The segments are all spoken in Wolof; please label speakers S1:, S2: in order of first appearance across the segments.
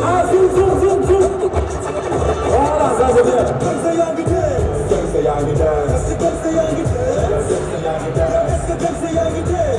S1: Ah, zoom, zoom, zoom, zoom. Voilà, ça c'est bien. Comme ça, y'a un guitar. Comme ça, y'a un guitar. Comme ça, y'a un guitar. Comme ça, y'a un guitar. Comme ça, y'a un guitar.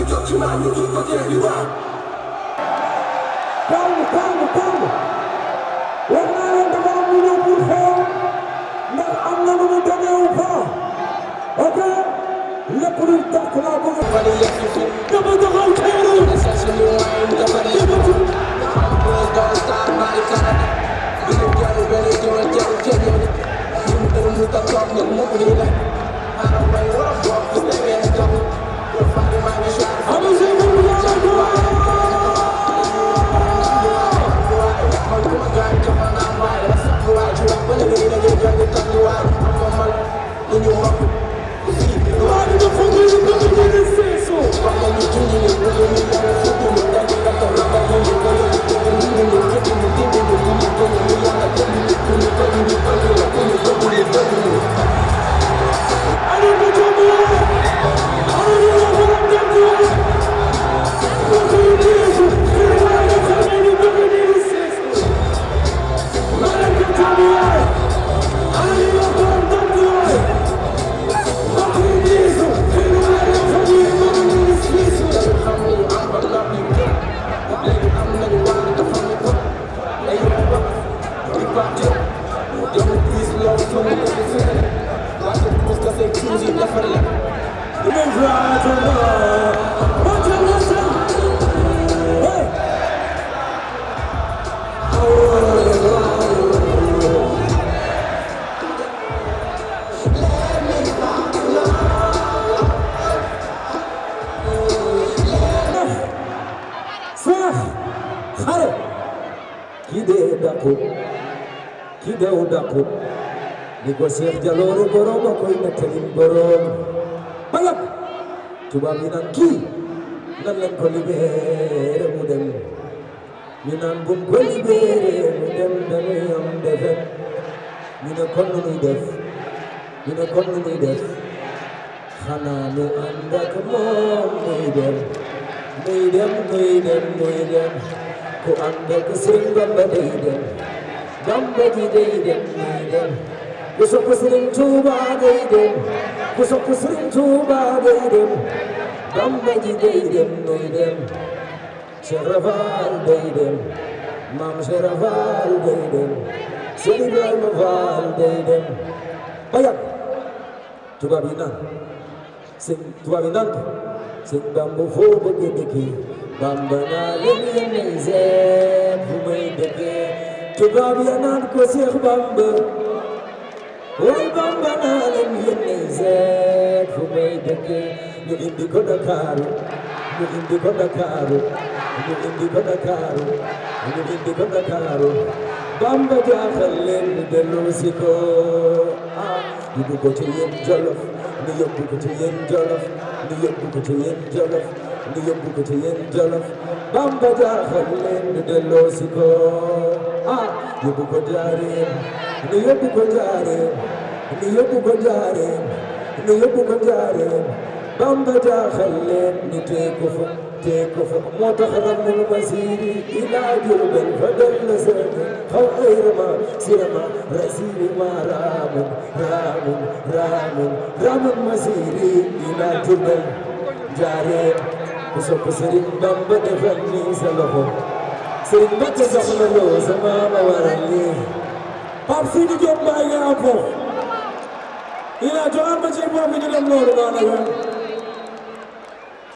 S1: nie dotrzymają, to podzieliła. Calma, calma, calma. war naa leen defal mu ñëw pour xeex ndax am na lu mu demeewu fa ok lépp lu tax laa ko dama taxaw teeru dama bàjjo yow plus loolu soo ko defee fële waaye parce que c'est toujours defar la. dew dàqu di ko seex jalooru borom koy nettali borom balak tubaab yi naan kii nan lañ ko libéré mu dem ñu naan buñ ko libéré mu dem dañuy am defet ñu ne kon nu xanaa nu ànd ak moom muy dem muy dem muy dem ku ànd ak seen Bamba day dem Gambeti day dem may dem ku sopp Sëriñ Tuuba day dem ku sopp Sëriñ Tuuba day dem Gambeti day dem may dem Serafal day dem Maam Serafal day dem Sëriñ Ibrahima Faal day dem bayat tubaab yi naan sëñ tubaab yi naan sëñ Bamba foo bëgg dëkk Bamba fu may dëkkee tubaab ya naan ko Seex Bamba way Bamba naa leen yónnee seet fu may dëkkee ñu indi ko Dakaaru ñu indi ko Dakaaru ñu indi ko Dakaaru ñu indi ko Dakaaru Bamba jaaxal leen ñu dellu si ko ah yóbbu ko ci yéen Jolof ñu yóbbu ko ci yéen Jolof ñu yóbbu ko ci yéen Jolof ñu yóbbu ko ci yéen Jolof Bamba jaaxal leen ñu dellu si ko yóbbu ko jaareem nu yóbbu ko jaareem nu yóbbu ko jaareem nu yóbbu ko jaareem bamba jaaxal leen nu tee ko fa tee ko fa moo tax ramul masiri ilaa jurbel fa dal na sëni xaw ay rama sirama rasiri ma raamun raamun raamun raamun masiri ilaa jurbel jaareem ku sopp sëriñ bamba defal nii sa loxo sëriñ Mbacke Soxna Lo waral lii Pape Sidi maa ngi am foofu il a jox ma ci bopp ñu dem loolu la